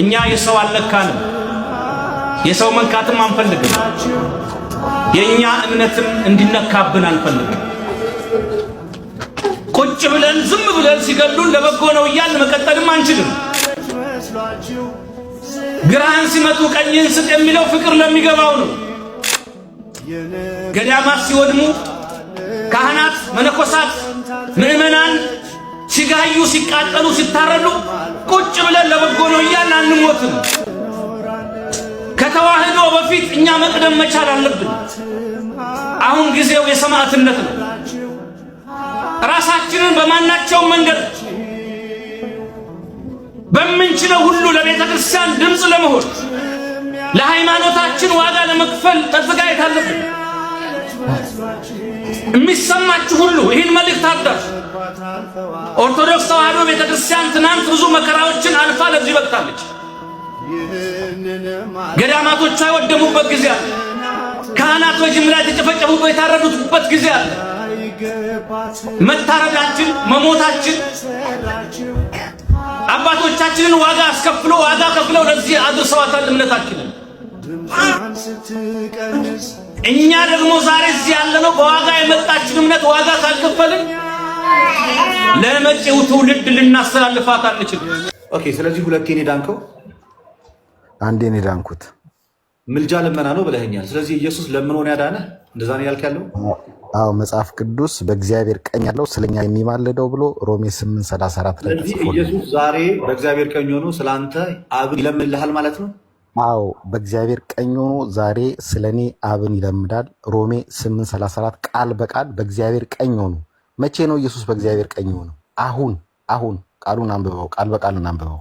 እኛ የሰው አልነካንም፣ የሰው መንካትም አንፈልግም። የእኛ እምነትም እንዲነካብን አንፈልግም። ቁጭ ብለን ዝም ብለን ሲገሉን ለበጎ ነው እያልን መቀጠልም አንችልም። ግራህን ሲመጡ ቀኝህን ስጥ የሚለው ፍቅር ለሚገባው ነው። ገዳማት ሲወድሙ ካህናት፣ መነኮሳት፣ ምዕመናን ሲጋዩ፣ ሲቃጠሉ፣ ሲታረዱ ቁጭ ብለን ለበጎ ነው እያልን አንሞትም። ከተዋህዶ በፊት እኛ መቅደም መቻል አለብን። አሁን ጊዜው የሰማዕትነት ነው። ራሳችንን በማናቸውም መንገድ በምንችለው ሁሉ ለቤተ ክርስቲያን ድምፅ ለመሆን ለሃይማኖታችን ዋጋ ለመክፈል አለብን። የሚሰማችሁ ሁሉ ይህን መልእክት አዳርሱ። ኦርቶዶክስ ተዋሕዶ ቤተክርስቲያን ትናንት ብዙ መከራዎችን አልፋ ለዚህ በቅታለች። ገዳማቶቿ የወደሙበት ጊዜ አለ። ካህናት በጅምላ የተጨፈጨፉበት የታረዱትበት ጊዜ አለ። መታረዳችን መሞታችን አባቶቻችንን ዋጋ አስከፍሎ ዋጋ ከፍለው ለዚህ አድርሰዋታል እምነታችንን። እኛ ደግሞ ዛሬ እዚህ ያለነው በዋጋ የመጣችን እምነት ዋጋ ካልከፈልን ለመጪው ትውልድ ልናስተላልፋት አንችል። ኦኬ። ስለዚህ ሁለቴ እኔ ዳንከው፣ አንዴ እኔ ዳንኩት። ምልጃ ልመና ነው ብለኸኛል። ስለዚህ ኢየሱስ ለምኖን ያዳነ እንደዛ ነው ያልክ ያለው? አዎ መጽሐፍ ቅዱስ በእግዚአብሔር ቀኝ ያለው ስለኛ የሚማልደው ብሎ ሮሜ 834 ላይ ስለዚህ ኢየሱስ ዛሬ በእግዚአብሔር ቀኝ ሆኖ ስለአንተ አብን ይለምልሃል ማለት ነው። አዎ በእግዚአብሔር ቀኝ ሆኖ ዛሬ ስለ እኔ አብን ይለምዳል። ሮሜ 834 ቃል በቃል በእግዚአብሔር ቀኝ ሆኖ መቼ ነው ኢየሱስ በእግዚአብሔር ቀኝ የሆነው? አሁን አሁን ቃሉን አንብበው፣ ቃል በቃሉን አንብበው።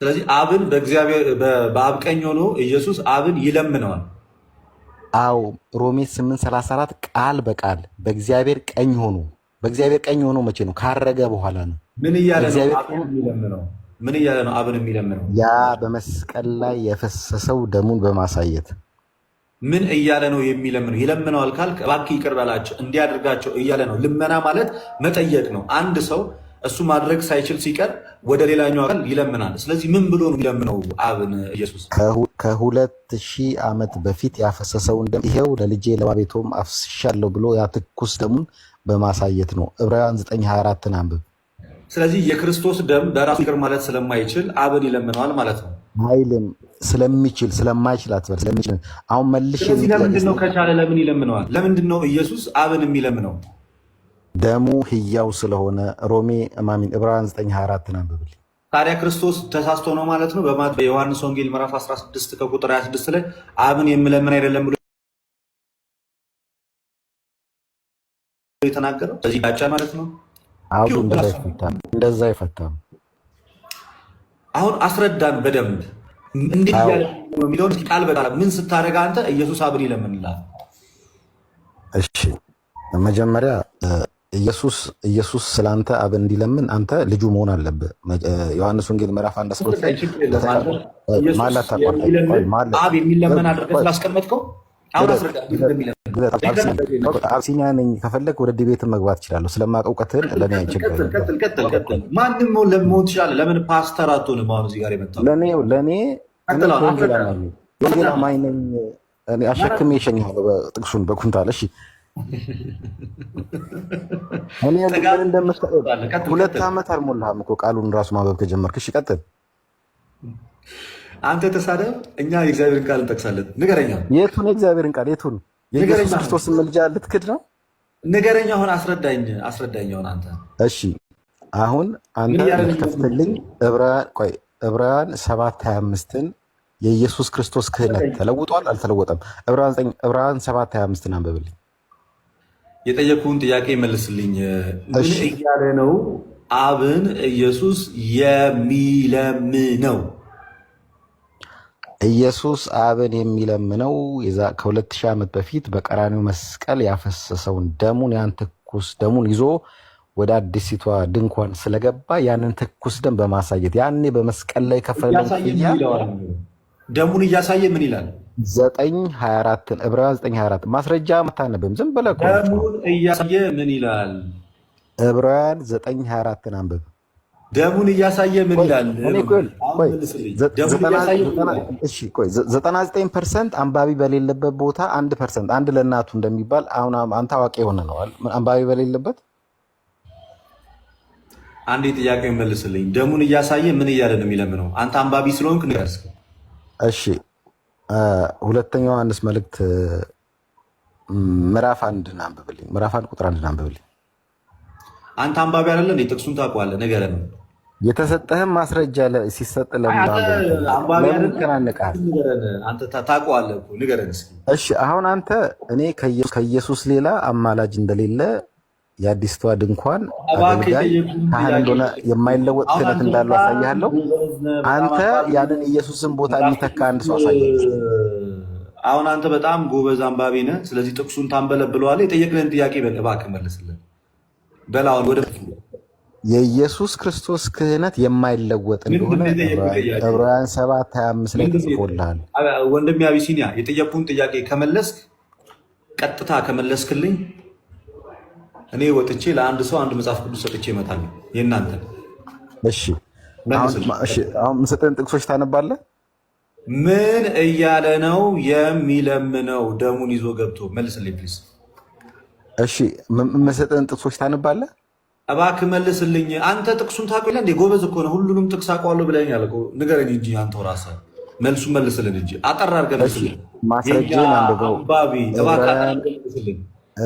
ስለዚህ አብን በአብ ቀኝ ሆኖ ኢየሱስ አብን ይለምነዋል። አዎ ሮሜ 834 ቃል በቃል በእግዚአብሔር ቀኝ ሆኖ በእግዚአብሔር ቀኝ ሆኖ መቼ ነው? ካረገ በኋላ ነው። ምን እያለ ነው? ምን እያለ ነው አብን የሚለምነው? ያ በመስቀል ላይ የፈሰሰው ደሙን በማሳየት ምን እያለ ነው የሚለምነው? ይለምነዋል ካልክ እባክህ ይቅር በላቸው እንዲያደርጋቸው እያለ ነው። ልመና ማለት መጠየቅ ነው። አንድ ሰው እሱ ማድረግ ሳይችል ሲቀር ወደ ሌላኛው አካል ይለምናል። ስለዚህ ምን ብሎ ነው የሚለምነው? አብን ኢየሱስ ከሁለት ሺህ ዓመት በፊት ያፈሰሰውን ደም ይሄው ለልጄ ለባቤቶም አፍስሻለሁ ብሎ ያ ትኩስ ደሙን በማሳየት ነው። ዕብራውያን 924ን አንብብ። ስለዚህ የክርስቶስ ደም በራሱ ይቅር ማለት ስለማይችል አብን ይለምነዋል ማለት ነው። አይልም። ስለሚችል ስለማይችል አትበል። ስለሚችል አሁን መልሽ። ለምንድነው ከቻለ ለምን ይለምነዋል? ለምንድነው ኢየሱስ አብን የሚለምነው? ደሙ ህያው ስለሆነ ሮሜ ማሚን ዕብራውያን 924 አንብብል። ታዲያ ክርስቶስ ተሳስቶ ነው ማለት ነው? በዮሐንስ ወንጌል ምዕራፍ 16 ከቁጥር 26 ላይ አብን የምለምን አይደለም ብሎ የተናገረው ስለዚህ ጋጫ ማለት ነው። እንደዛ አይፈታም። አሁን አስረዳን በደንብ እንዲህ እያለ የሚለውን ቃል በቃል ምን ስታደርግ አንተ ኢየሱስ አብሪ ለምንላል? እሺ መጀመሪያ ኢየሱስ ኢየሱስ ስለ አንተ አብ እንዲለምን አንተ ልጁ መሆን አለብህ። ዮሐንስ ወንጌል ምዕራፍ አንድ አስሮት ማላት አቋርጠ አብ የሚለመን አድርገህ ስላስቀመጥከው አሁን አስረዳ እንደሚለምን አብሲኒያ ነኝ። ከፈለግ ወደ ዲቤት መግባት እችላለሁ። ስለማውቅ እውቀትን ለእኔ አይችልም። ማንም ለመሆን ትችላለህ። ለምን ፓስተር አትሆንም? አሁን እዚህ ጋር ለእኔ ለእኔ ወንጌል አማኝ ነኝ። አሸክሜ እሸኝሃለሁ። ጥቅሱን በኩንታል እሺ እኔ ሁለት ዓመት አልሞላህም እኮ ቃሉን ራሱ ማንበብ ከጀመርክ። እሺ ቀጥል። አንተ ተሳደብ፣ እኛ የእግዚአብሔርን ቃል እንጠቅሳለን። ንገረኛ የቱን የእግዚአብሔርን ቃል የቱን የኢየሱስ ክርስቶስ ምልጃ ልትክድ ነው? ንገረኛ ሆን አስረዳኝ፣ አስረዳኝ ሆን አንተ። እሺ አሁን አንተ ልትከፍትልኝ ዕብራውያን ሰባት ሀያ አምስትን የኢየሱስ ክርስቶስ ክህነት ተለውጧል አልተለወጠም? ዕብራውያን ሰባት ሀያ አምስትን አንብብልኝ። የጠየኩህን ጥያቄ መልስልኝ። ምን እያለ ነው? አብን ኢየሱስ የሚለምነው ኢየሱስ አብን የሚለምነው ከሁለት ሺህ ዓመት በፊት በቀራኒው መስቀል ያፈሰሰውን ደሙን ያን ትኩስ ደሙን ይዞ ወደ አዲሲቷ ድንኳን ስለገባ ያንን ትኩስ ደም በማሳየት ያኔ በመስቀል ላይ ከፈለ ደሙን እያሳየ ምን ይላል? ዘጠኝ ሀያ አራትን ዕብራውያን ዘጠኝ ሀያ አራት ማስረጃ ማታነብም ዝም ብለህ ደሙን እያሳየ ምን ይላል? ዕብራውያን ዘጠኝ ሀያ አራትን አንብብ ደሙን እያሳየ ምን ይላል? ዘጠና ዘጠኝ ፐርሰንት አንባቢ በሌለበት ቦታ አንድ ፐርሰንት አንድ ለእናቱ እንደሚባል አሁን አንተ አዋቂ የሆነ ነዋል። አንባቢ በሌለበት አንዴ ጥያቄ መልስልኝ። ደሙን እያሳየ ምን እያለ ነው የሚለምነው? አንተ አንባቢ ስለሆንክ ንገርስ። እሺ ሁለተኛ ዮሐንስ መልእክት ምዕራፍ አንድን አንብብልኝ። ምዕራፍ አንድ ቁጥር አንድን አንብብልኝ። አንተ አንባቢ አይደለ? ጥቅሱን ታውቀዋለህ፣ ነው የተሰጠህም ማስረጃ ሲሰጥ ለምን እሺ አሁን አንተ እኔ ከኢየሱስ ሌላ አማላጅ እንደሌለ የአዲስቷ ድንኳን አገልጋይ ካህን እንደሆነ የማይለወጥ ክህነት እንዳለው አሳያለሁ። አንተ ያንን ኢየሱስን ቦታ የሚተካ አንድ ሰው አሳያለሁ። አሁን አንተ በጣም ጎበዝ አንባቢ ነህ። ስለዚህ ጥቅሱን ታንበለብለዋለህ። የጠየቅንህን ጥያቄ በቅባ እባክህ በላሁን ወደ የኢየሱስ ክርስቶስ ክህነት የማይለወጥ እንደሆነ ዕብራውያን 7 25 ላይ ተጽፎልሃል። ወንድም አቢሲኒያ የጠየቁን ጥያቄ ከመለስክ ቀጥታ ከመለስክልኝ እኔ ወጥቼ ለአንድ ሰው አንድ መጽሐፍ ቅዱስ ሰጥቼ ይመጣል የእናንተ እሺ። አሁን ምስጥን ጥቅሶች ታነባለህ። ምን እያለ ነው የሚለምነው? ደሙን ይዞ ገብቶ መልስልኝ ፕሊዝ። እሺ፣ ምስጥን ጥቅሶች ታነባለህ እባክህ መልስልኝ። አንተ ጥቅሱን ታውቀው እንዴ? ጎበዝ እኮ ነው። ሁሉንም ጥቅስ አውቀዋለሁ ብለኸኛል እኮ ንገረኝ እንጂ አንተ ራስህ መልሱ መልስልን እንጂ አጠር አድርገህ መልስልን። ማስረጃን አንብበው።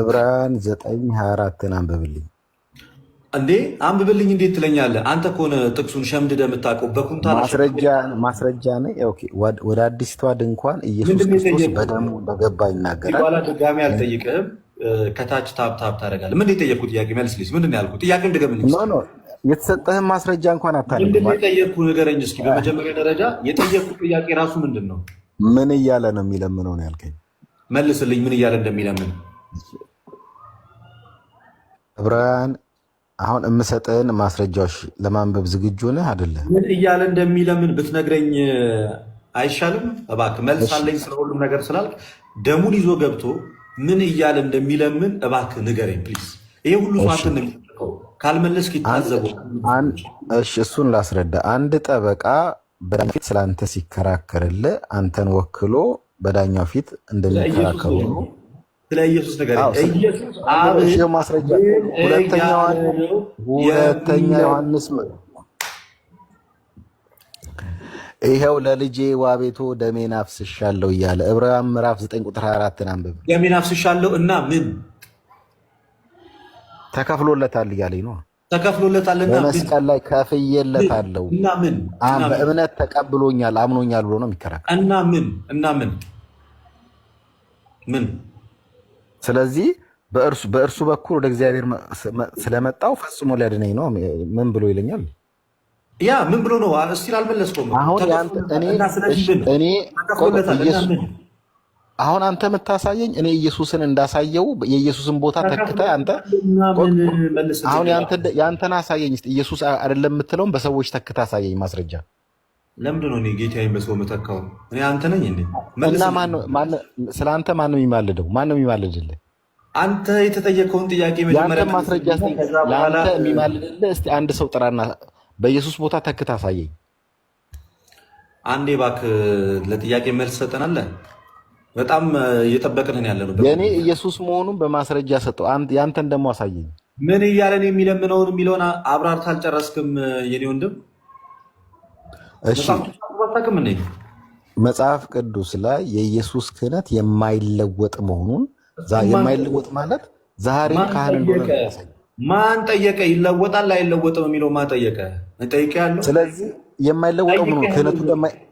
ዕብራውያን ዘጠኝ ሀያ አራትን አንብብልኝ እንዴ አንብብልኝ። እንዴት ትለኛለህ አንተ? ከሆነ ጥቅሱን ሸምድደህ የምታውቀው በኩንታ ማስረጃ ነህ። ወደ አዲስቷ ድንኳን ኢየሱስ ክርስቶስ በደሙ በገባ ይናገራል። በኋላ ድጋሚ አልጠይቅህም ከታች ታብ ታብ ታደርጋለህ። ምንድን የጠየቅኩ ጥያቄ መልስልኝ። ምንድን ያልኩ ጥያቄ ድገምልኝ። የተሰጠህን ማስረጃ እንኳን አታደርግም። የጠየቅኩ የጠየቅኩህ ንገረኝ እስኪ። በመጀመሪያ ደረጃ የጠየቅኩ ጥያቄ ራሱ ምንድን ነው? ምን እያለ ነው የሚለምነው ነው ያልከኝ። መልስልኝ፣ ምን እያለ እንደሚለምን ዕብራውያን አሁን የምሰጥህን ማስረጃዎች ለማንበብ ዝግጁ ነህ አይደለህ? ምን እያለ እንደሚለምን ብትነግረኝ አይሻልም? እባክህ መልስ አለኝ ስለሁሉም ነገር ስላልክ ደሙን ይዞ ገብቶ ምን እያለ እንደሚለምን እባክህ ንገረኝ ፕሊዝ። ይሄ ሁሉ ሰዓትን የሚጠቀው ካልመለስክ ይታዘቡ። እሱን ላስረዳ። አንድ ጠበቃ በፊት ስለአንተ ሲከራከርል አንተን ወክሎ በዳኛው ፊት እንደሚከራከሩ ስለ ኢየሱስ ነገር ማስረጃ ሁለተኛ ዮሐንስ ይኸው ለልጄ ዋቤቶ ደሜን አፍስሻለሁ እያለ ዕብራውያን ምዕራፍ 9 ቁጥር 24 አንብብ። ደሜን አፍስሻለሁ እና ምን ተከፍሎለታል እያለኝ ነው። ተከፍሎለታልና በመስቀል ላይ ከፍዬለታለሁ እና ምን በእምነት ተቀብሎኛል አምኖኛል ብሎ ነው የሚከራከር እና ምን እና ምን ምን ስለዚህ በእርሱ በኩል ወደ እግዚአብሔር ስለመጣው ፈጽሞ ሊያድነኝ ነው። ምን ብሎ ይለኛል? ያ ምን ብሎ ነው? እስቲል አልመለስኩም። አሁን አንተ የምታሳየኝ እኔ ኢየሱስን እንዳሳየው የኢየሱስን ቦታ ተክተ አንተ አሁን ያንተን አሳየኝ እስኪ። ኢየሱስ አይደለም የምትለውን በሰዎች ተክተህ አሳየኝ ማስረጃ። ለምንድን ነው እኔ ጌታዬን በሰው መተካው? እኔ አንተ ነኝ እንዴ? እና ስለ አንተ ማን ነው የሚማልደው? ማን ነው የሚማልድልህ? አንተ የተጠየቀውን ጥያቄ መጀመሪያ ማስረጃ ለአንተ የሚማልድልህ እስኪ አንድ ሰው ጥራና በኢየሱስ ቦታ ተክት አሳየኝ። አንዴ እባክህ ለጥያቄ መልስ ሰጠናለ። በጣም እየጠበቅንን ያለ ነው። የእኔ ኢየሱስ መሆኑን በማስረጃ ሰጠው። ያንተን ደግሞ አሳየኝ። ምን እያለን የሚለምነውን የሚለውን አብራርት አልጨረስክም የኔ ወንድም መጽሐፍ ቅዱስ ላይ የኢየሱስ ክህነት የማይለወጥ መሆኑን የማይለወጥ ማለት ዛሬም ካህን እንደሆነ ያሳይ ማን ጠየቀ? ይለወጣል አይለወጥም የሚለው ማን ጠየቀ? ጠይቀ ያለው ስለዚህ የማይለወጠው ምኑ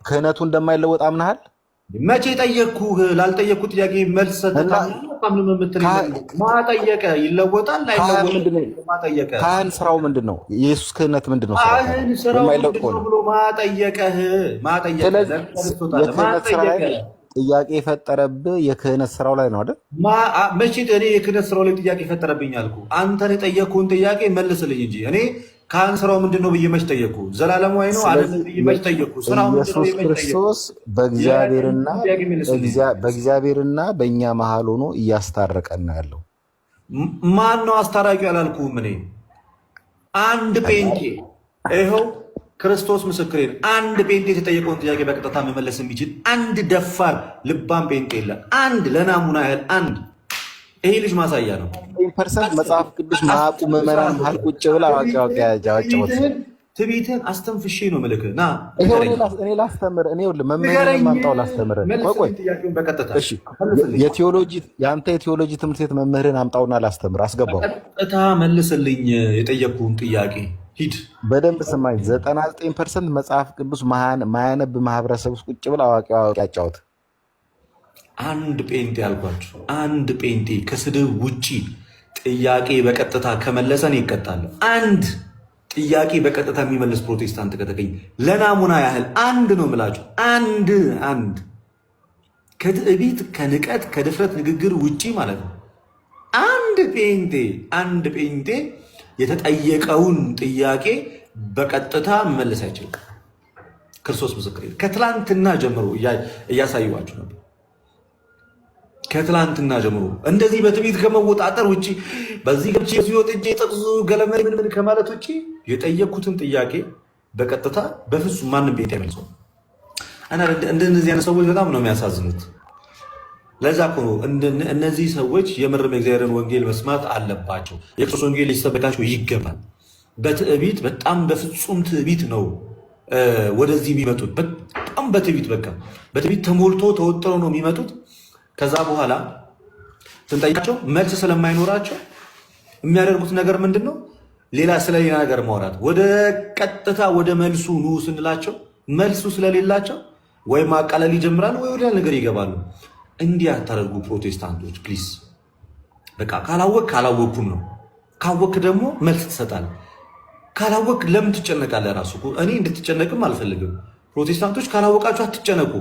ክህነቱ እንደማይለወጥ አምናሃል? መቼ ጠየቅኩ? ላልጠየቅኩ ጥያቄ መልስ ሰጠታምንም ይለወጣል አይለወጥም? ካህን ስራው ምንድን ነው? የኢየሱስ ክህነት ምንድን ነው? ስራው ብሎ ማን ጠየቀህ? ማን ጥያቄ የፈጠረብህ የክህነት ስራው ላይ ነው አይደል? መቼ እኔ የክህነት ስራው ላይ ጥያቄ የፈጠረብኝ አልኩ። አንተን የጠየቅኩህን ጥያቄ መልስልኝ እንጂ እኔ ካህን ስራው ምንድን ነው ብዬ መች ጠየቅኩ? ዘላለማዊ ነው አለ ብዬ መች ጠየቅኩ? ኢየሱስ ክርስቶስ በእግዚአብሔርና በእኛ መሀል ሆኖ እያስታረቀና ያለው። ማን ነው አስታራቂ? አላልኩህም እኔ አንድ ጴንጤ ይኸው ክርስቶስ ምስክሬ አንድ ጴንጤ የተጠየቀውን ጥያቄ በቀጥታ መመለስ የሚችል አንድ ደፋር ልባም ጴንጤ የለ። አንድ ለናሙና ያህል አንድ ይሄ ልጅ ማሳያ ነው። ፐርሰንት መጽሐፍ ቅዱስ ማቁ መመራን ሃል ቁጭ ብላ ዋጫዋጫዋጫወት ትቢትን አስተንፍሼ ነው ምልክ ና እኔ ላስተምር እኔ መመሪያ ማምጣው ላስተምር። ቆይ የቴዎሎጂ የአንተ የቴዎሎጂ ትምህርት ቤት መምህርን አምጣውና ላስተምር አስገባው። ቀጥታ መልስልኝ የጠየቅኩህን ጥያቄ በደንብ ስማኝ። ዘጠና ዘጠኝ ፐርሰንት መጽሐፍ ቅዱስ ማያነብ ማህበረሰብ ውስጥ ቁጭ ብለህ አዋቂ አዋቂ አንድ ጴንጤ አልኳቸው፣ አንድ ጴንጤ ከስድብ ውጪ ጥያቄ በቀጥታ ከመለሰን ይቀጣል። አንድ ጥያቄ በቀጥታ የሚመልስ ፕሮቴስታንት ከተገኝ ለናሙና ያህል አንድ ነው የምላቸው። አንድ አንድ ከትዕቢት ከንቀት ከድፍረት ንግግር ውጪ ማለት ነው። አንድ ጴንጤ አንድ ጴንጤ የተጠየቀውን ጥያቄ በቀጥታ መመለስ አይችልም። ክርስቶስ ምስክር። ከትላንትና ጀምሮ እያሳየኋችሁ ነበር። ከትላንትና ጀምሮ እንደዚህ በትዕቢት ከመወጣጠር ውጭ በዚህ ገብቼ በዚህ ወጥቼ ጥቅሱ ገለመ ምንምን ከማለት ውጭ የጠየቅኩትን ጥያቄ በቀጥታ በፍጹም ማንም ቤት አይመልሰው እና እንደነዚህ አይነት ሰዎች በጣም ነው የሚያሳዝኑት። ለዛ እኮ እነዚህ ሰዎች የምርም የእግዚአብሔርን ወንጌል መስማት አለባቸው። የክርስቶስ ወንጌል ሊሰበካቸው ይገባል። በትዕቢት በጣም በፍጹም ትዕቢት ነው ወደዚህ የሚመጡት። በጣም በትዕቢት በቃ በትዕቢት ተሞልቶ ተወጥረው ነው የሚመጡት። ከዛ በኋላ ስንጠይቃቸው መልስ ስለማይኖራቸው የሚያደርጉት ነገር ምንድን ነው? ሌላ ስለሌላ ነገር ማውራት። ወደ ቀጥታ ወደ መልሱ ኑ ስንላቸው መልሱ ስለሌላቸው ወይም አቃለል ይጀምራል ወይ ወደ ነገር ይገባሉ። እንዲህ አታደርጉ ፕሮቴስታንቶች ፕሊስ። በቃ ካላወቅ ካላወቅኩም ነው። ካወቅ ደግሞ መልስ ትሰጣል። ካላወቅ ለምን ትጨነቃለህ? ራሱ እኔ እንድትጨነቅም አልፈልግም። ፕሮቴስታንቶች ካላወቃችሁ አትጨነቁ።